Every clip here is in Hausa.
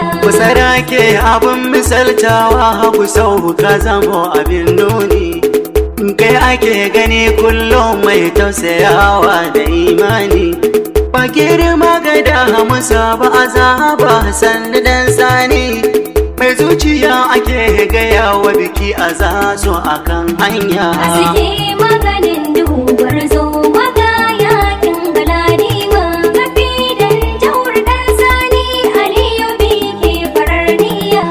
Ku abun abin misaltawa haku sau ka zamo abin nuni kai ake gani kullum mai tausayawa da imani ba girma ga da hamusa ba azaba dan sani mai zuciya ake gaya wa biki a zaso akan hanya a maganin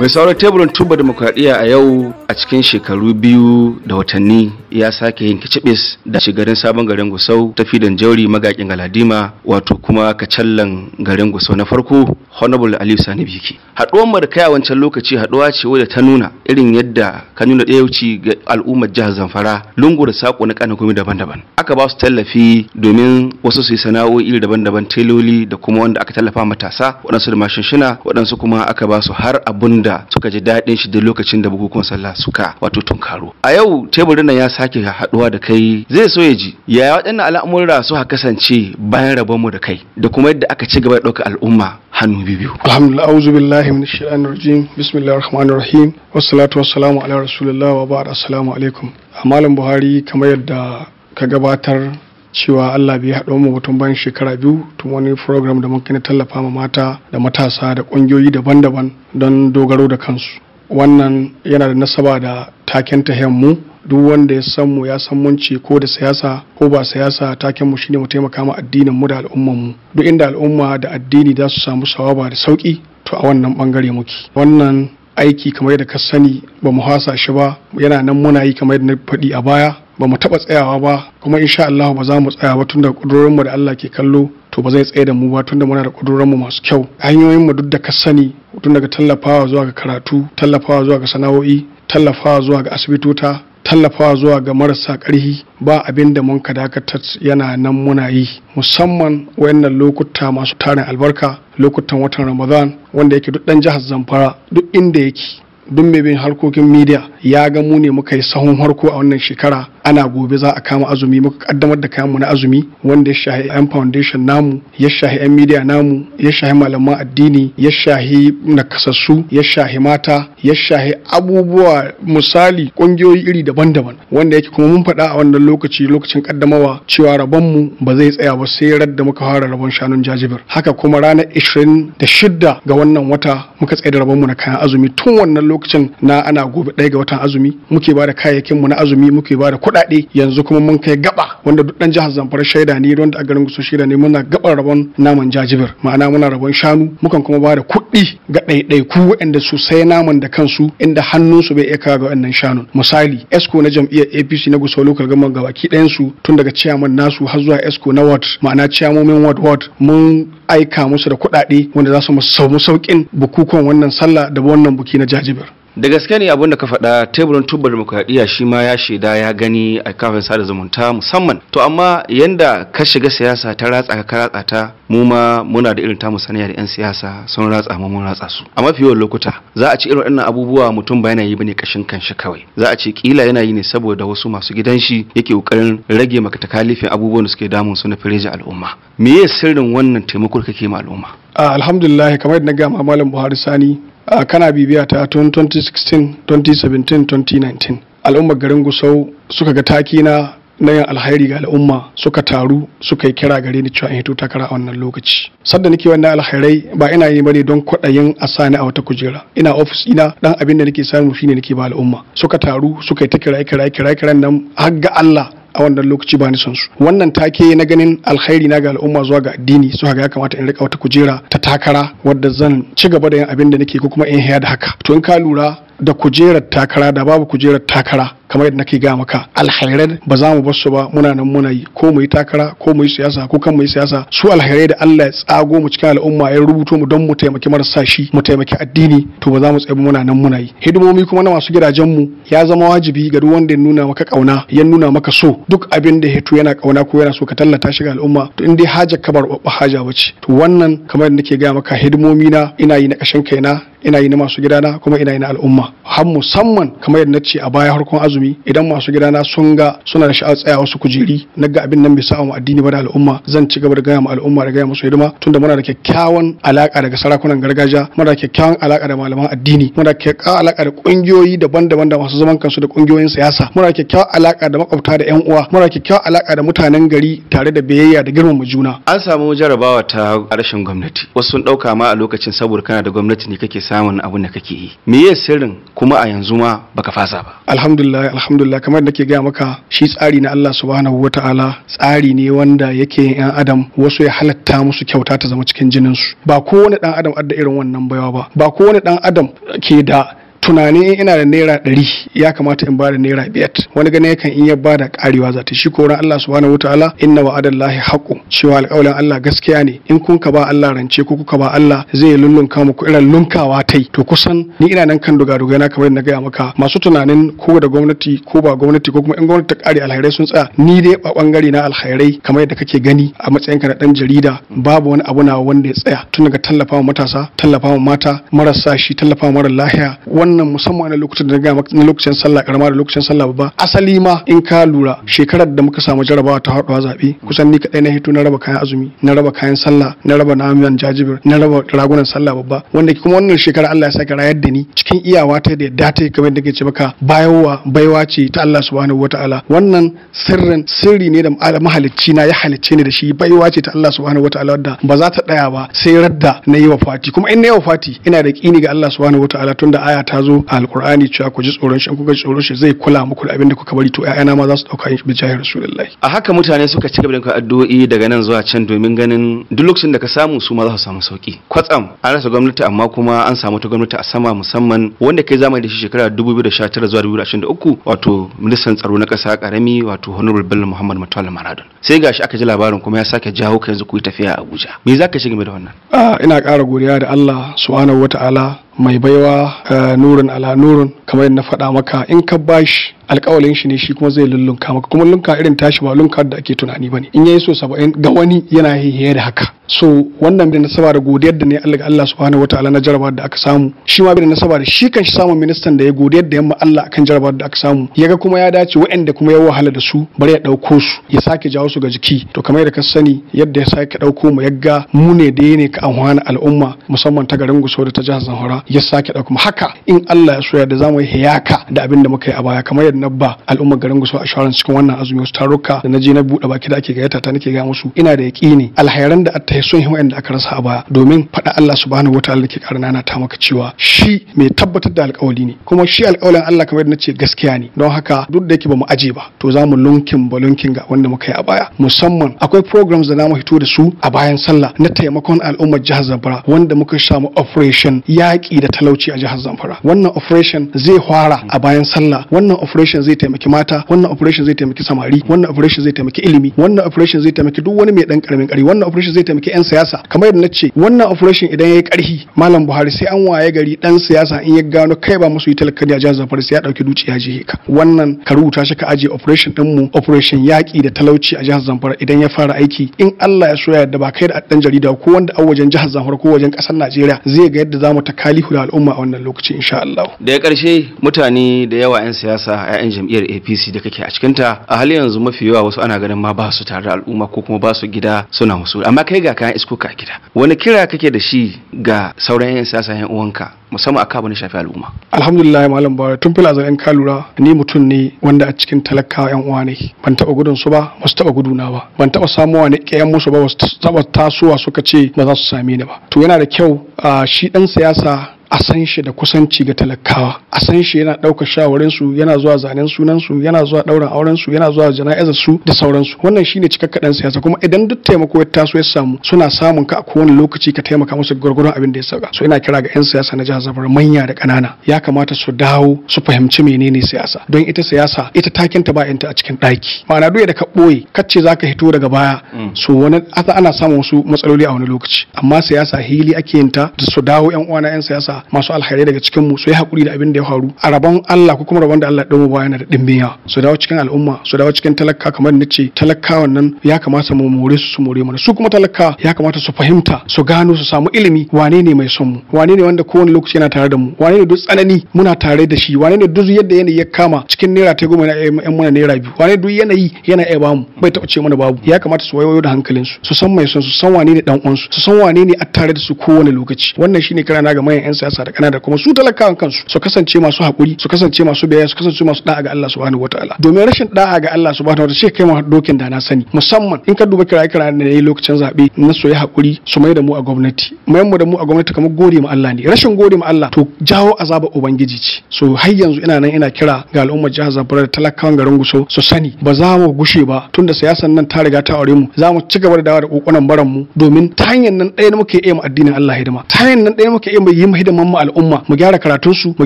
mai sauran teburin tuba demokradiyya a yau a cikin shekaru biyu da watanni ya sake yin kicibis da shigarin sabon garin gusau ta fidan jauri magakin galadima wato kuma kacallan garin gusau na farko honorable aliyu sani biki haɗuwar a wancan lokaci haɗuwa ce wadda ta nuna irin yadda ka nuna ɗayauci ga al'ummar jihar zamfara lungu da saƙo na ƙanan komi daban-daban aka ba su tallafi domin wasu su yi sana'o'i daban-daban teloli da kuma wanda aka tallafa matasa waɗansu da mashinshina waɗansu kuma aka ba su har abun da suka ji daɗin shi da lokacin da bukukuwan sallah suka wato tunkaro a yau teburin nan ya sake haɗuwa da kai zai so ya ji yaya waɗannan al'amura ha kasance bayan rabonmu da kai da kuma yadda aka ci gaba da ɗaukar al'umma hannu biyu alhamdulillah auzu billahi min shaitani rajim bismillahir rahmanir rahim wassalatu wassalamu ala rasulillah wa ba'd assalamu alaikum malam buhari kamar yadda ka gabatar cewa Allah bai haɗo mu mutum bayan shekara biyu tun wani program da muka na tallafa ma mata da matasa da ƙungiyoyi daban-daban don dogaro da kansu wannan yana da nasaba da taken ta mu duk wanda ya san mu ya san mun ce ko da siyasa ko ba siyasa taken mu shine mu taimaka ma addinin mu da al'umman mu duk inda al'umma da addini za su samu sawaba da sauki to a wannan bangare muke wannan aiki kamar yadda ka sani ba mu hasa shi ba yana nan muna yi kamar yadda na faɗi a baya ba mu taɓa tsayawa ba kuma insha Allah ba za mu tsaya ba tunda mu da Allah ke kallo to ba zai tsaye da mu ba tunda muna da mu masu kyau hanyoyinmu duk da ka sani tun daga tallafawa zuwa ga karatu tallafawa zuwa ga sana'o'i tallafawa zuwa ga asibitota tallafawa zuwa ga marasa ƙarhi ba abin da mun ka dakatar yana nan muna yi musamman wayannan lokuta masu tarin albarka lokutan watan ramadan wanda yake duk ɗan jihar zamfara duk inda yake duk mai bin harkokin media ya ga mu ne muka yi sahun harko a wannan shekara ana gobe za a kama azumi muka kaddamar da kayanmu na azumi wanda ya shahi yan foundation namu ya shahi yan media namu ya shahi malaman addini ya shahi nakasassu ya shahi mata ya shahi abubuwa misali kungiyoyi iri daban-daban wanda yake kuma mun faɗa a wannan lokaci lokacin kaddamawa cewa rabon mu ba zai tsaya ba sai radda muka fara rabon shanun jajibir haka kuma ranar 26 ga wannan wata muka tsaye da rabonmu na kayan azumi tun wannan lokaci lokacin na ana gobe ɗaya ga watan azumi muke ba da kayayyakin mu na azumi muke ba da kuɗaɗe yanzu kuma mun kai gaba wanda duk ɗan jihar Zamfara shaida ne wanda a garin Gusau shaida ne muna gaban rabon naman jajibir ma'ana muna rabon shanu mukan kuma ba da kuɗi ga ɗaiɗaiku waɗanda su sai naman da kansu inda hannunsu bai iya kawo ga wannan shanun misali esco na jam'iyyar APC na Gusau local government gabaki ɗayan su tun daga chairman nasu har zuwa esco na ward ma'ana chairmomin ward ward mun aika musu da kuɗaɗe wanda za su samu sauƙin bukukuwan wannan sallah da wannan buki na jajibir da gaske ne abin da ka faɗa teburin tubar demokradiyya shi ma ya shaida ya gani a kafin sada zumunta musamman to amma yanda ka shiga siyasa ta ratsa ka ratsa ta mu ma muna da irin tamu saniya da yan siyasa sun ratsa mu mun ratsa su a mafi yawan lokuta za a ci irin wannan abubuwa mutum ba yana yi bane kashin kanshi kawai za a ce kila yana yi ne saboda wasu masu gidan shi yake kokarin rage maka takalifin abubuwan da suke damun su na fireji al'umma me ye sirrin wannan taimako kake ma al'umma ah, alhamdulillah kamar yadda na ga malam Buhari Sani kana bibiya ta 2016 2017 2019 al'ummar garin gusau suka ga taki na na yin alhairi ga al'umma suka taru suka yi kira gare ni cewa in hito takara a wannan lokaci sadda nake wannan alhairai ba ina yi bane don kwaɗayin a sani a wata kujera ina ofis ina dan abin da nake samu shine nake ba al'umma suka taru suka yi ta kira kira kira nan har ga Allah a wannan lokaci ba ni son su wannan take na ganin alkhairi na ga al'umma zuwa ga addini su ga ya kamata in rika wata kujera ta takara wadda zan ci gaba da yin abin da nake ko kuma in haya da haka to in ka lura da kujerar takara da babu kujerar takara kamar yadda nake ga maka alhairai ba za mu basu ba muna nan muna yi ko mu yi takara ko mu yi siyasa ko kan mu yi siyasa su alhairai da Allah ya tsago mu cikin al'umma ya rubuto mu don mu taimaki marasa shi mu taimaki addini to ba za mu tsaye muna nan muna yi hidimomi kuma na masu gidajen mu ya zama wajibi ga duk wanda ya nuna maka kauna ya nuna maka so duk abin da hito yana kauna ko yana so ka tallata shi ga al'umma to in dai haja ka bar babba haja bace to wannan kamar yadda nake ga maka hidimomi na ina yi na kashin kaina ina yi na masu gidana kuma ina yi na al'umma har musamman kamar yadda na ce a baya harkon azumi idan masu gidana sun ga suna da sha'awar tsaya wasu kujeri na ga abin nan bai sa mu addini ba da al'umma zan ci gaba da gaya ma al'umma da gaya musu hidima tunda muna da kyakkyawan alaka daga sarakunan gargajiya muna da kyakkyawan alaka da malaman addini muna da kyakkyawan alaka da kungiyoyi daban-daban da masu zaman kansu da kungiyoyin siyasa muna da kyakkyawan alaka da makwabta da yan uwa muna da kyakkyawan alaka da mutanen gari tare da biyayya da girmama juna an samu jarabawa ta rashin gwamnati wasu sun dauka ma a lokacin saboda kana da gwamnati ne kake samun abin da kake yi me ye sirrin kuma a yanzu ma baka fasa ba alhamdulillah alhamdulillah kamar da ke gaya maka shi tsari na Allah subhanahu wataala tsari ne wanda yake yin yan adam wasu ya halatta musu kyauta ta zama cikin jinin su ba kowane dan adam adda irin wannan baiwa ba ba kowane ɗan adam ke da Tunani ina da naira ɗari ya kamata in bada naira biyar wani gane yakan iya bada karewa za ta shi ko ran Allah subhanahu wataala inna lahi haqqu cewa alƙawalin Allah gaskiya ne in kun ka ba Allah rance ko kuka ba Allah zai lullunka muku irin lunkawa tai to kusan ni ina nan kan duga-duga na kamar na gaya maka masu tunanin ko da gwamnati ko ba gwamnati ko kuma in gwamnati ta kare alhairai sun tsaya ni dai a bangare na alhairai kamar yadda kake gani a matsayinka na dan jarida babu wani abu na wanda ya tsaya tun daga tallafawa matasa tallafawa mata marasa shi tallafawa mara lahiya wannan wannan musamman na lokacin da ga na lokacin sallah karama da lokacin sallah babba asali ma in ka lura shekarar da muka samu jarabawa ta haɗuwa zabe kusan ni kadai na hito na raba kayan azumi na raba kayan sallah na raba namiyan jajibir na raba ragunan sallah babba wanda kuma wannan shekara Allah ya saka rayar da ni cikin iyawa ta da yadda ta kamar da ce maka bayowa baiwa ce ta Allah subhanahu wataala wannan sirrin sirri ne da mahalicci na ya halicce ni da shi baiwa ce ta Allah subhanahu wataala wadda ba za ta ɗaya ba sai radda na yi wa fati kuma in na yi wa fati ina da kini ga Allah subhanahu wataala tunda aya ta zo a alkur'ani cewa ku ji tsoron shi in kuka ji tsoron shi zai kula muku da abin da kuka bari to ƴaƴana ma za su dauka bi jahi rasulullahi a haka mutane suka ci gaba da addu'o'i daga nan zuwa can domin ganin duk lokacin da ka samu su ma za su samu sauki kwatsam an rasa gwamnati amma kuma an samu ta gwamnati a sama musamman wanda kai zamani da shi shekara 2019 zuwa 2023 wato ministan tsaro na ƙasa karami wato honorable bello muhammad mutawalla maradon sai ga shi aka ji labarin kuma ya sake jawo ka yanzu ku yi tafiya abuja me za ka shiga da wannan ah, ina ƙara godiya da allah subhanahu wataala mai baiwa eh, nurin ala nurin kamar yadda na faɗa maka in ka bashi alƙawalin shi ne shi kuma zai lullunka maka kuma lunka irin tashi ba lunka da ake tunani bane in yayi so 70 ga wani yana hihiye da haka so wannan bin nasaba da godiyar da ne Allah ga Allah subhanahu wataala na jaraba da aka samu shi ma bin nasaba da shi kan shi samun ministan da ya godiyar da yamma Allah akan jaraba da aka samu yaga kuma ya dace waɗanda kuma ya wahala da su bari ya dauko su ya sake jawo su ga jiki to kamar da ka sani yadda ya sake ɗauko mu yagga mu ne da ne ka amfana al'umma musamman ta garin Gusau da ta jihar Zamfara ya sake dauko mu haka in Allah ya so ya da zamu yi hiyaka da abin da muka yi a baya kamar Nabba ba al'ummar garin Gusau assurance cikin wannan azumi wasu taruka da na je na buɗe baki da ake gayyata ta nake ga musu ina da yaƙini alhairan da ta sun himayen da aka rasa a baya domin faɗa Allah subhanahu wataala ke karna na ta maka cewa shi mai tabbatar da alƙawali ne kuma shi alƙawalin Allah kamar yadda ce gaskiya ne don haka duk da yake mu aje ba to za mu lunkin ba lunkin ga wanda muka yi a baya musamman akwai programs da namu hito da su a bayan sallah na taimakon al'ummar jihar Zamfara wanda muka samu operation yaƙi da talauci a jihar Zamfara wannan operation zai fara a bayan sallah wannan operation operation zai taimaki mata wannan operation zai taimaki samari wannan operation zai taimaki ilimi wannan operation zai taimaki duk wani mai dan karamin kari wannan operation zai taimaki yan siyasa kamar yadda nace wannan operation idan yayi karhi malam Buhari sai an waye gari dan siyasa in ya gano kai ba musu yi talaka a jihar Zamfara sai ya dauki duci ya je ka wannan ka rubuta shi ka aje operation din mu operation yaki da talauci a jihar Zamfara idan ya fara aiki in Allah ya so yadda ba kai da dan jarida ko wanda a wajen jihar Zamfara ko wajen kasar Najeriya zai ga yadda zamu takalihu da al'umma a wannan lokaci insha Allah da ya karshe mutane da yawa yan siyasa 'ya'yan jam'iyyar apc da kake a cikinta a hali yanzu mafi yawa wasu ana ganin ma ba su tare da al'umma ko kuma ba su gida suna wasu amma kai ga kayan isko ka gida wani kira kake da shi ga sauran 'yan siyasa 'yan uwanka musamman a na shafi al'umma alhamdulillah malam bara tun fila zan in ka lura ni mutum ne wanda a cikin talakawa yan uwa ne ban taba gudun su ba ba su taba guduna ba ban taba samuwa ne kayan musu ba ba su taba tasowa suka ce ba za su same ni ba to yana da kyau shi ɗan siyasa a san shi da kusanci ga talakawa a san shi yana ɗaukar shawarinsu yana zuwa zanen sunansu yana zuwa ɗaurin aurensu yana zuwa jana'izar su da sauransu wannan shine cikakkaɗan siyasa kuma idan duk taimako ya taso ya samu suna samun ka a kowane lokaci ka taimaka musu gurgurun abin da ya sauka so ina kira ga 'yan siyasa na jihar Zamfara manya da ƙanana ya kamata su dawo su fahimci menene siyasa don ita siyasa ita takin ta ba yanta a cikin ɗaki ma'ana duk da ka ɓoye kacce zaka hito daga baya mm. so wani ana samun wasu matsaloli a wani lokaci amma siyasa hili ake yin ta su dawo 'yan uwa na 'yan siyasa masu alkhairai daga cikin mu su yi hakuri da abin da ya faru a rabon Allah ko kuma rabon da Allah ɗin ba na da ɗimbin ya su dawo cikin al'umma su dawo cikin talaka kamar na ce talakawan nan ya kamata mu more su su more mana su kuma talaka ya kamata su fahimta su gano su samu ilimi wane ne mai son mu wane ne wanda kowane lokaci yana tare da mu wane ne duk tsanani muna tare da shi wane ne duk yadda yanayi ya kama cikin naira ta goma yana yan mana naira biyu wane duk yanayi yana iya bamu bai taɓa ce mana babu ya kamata su wayoyo da hankalinsu su san mai son su san wane ne dan uwansu su san wane ne a tare da su kowane lokaci wannan shine kira na ga mayan yan siyasa da kanada kuma su talakawan kansu su kasance masu hakuri su kasance masu biyayya su kasance masu da'a ga Allah subhanahu wataala domin rashin da'a ga Allah subhanahu wataala shi kai ma dokin da na sani musamman in ka duba kira kira da yayi lokacin zabe na soyayya hakuri su mai da mu a gwamnati mai mu da mu a gwamnati kamar gode ma Allah ne rashin gode ma Allah to jawo azaba ubangiji ce so har yanzu ina nan ina kira ga al'umma jihar Zamfara da talakawan garin Guso su sani ba za mu gushe ba tunda siyasan nan ta riga ta aure mu za mu ci gaba da dawa da kokonan baran mu domin ta hanyar nan ɗaya muke iya mu addinin Allah hidima ta hanyar nan ɗaya muke iya mu yi hidima malaman mu al'umma mu gyara karatun su mu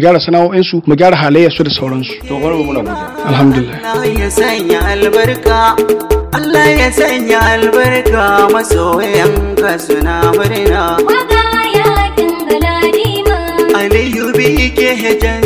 gyara sana'o'in su mu gyara halayyar su da sauransu to bari mu muna alhamdulillah Allah ya sanya albarka Allah suna murna albarka masoyan ka suna ma Aliyu bi ke hijan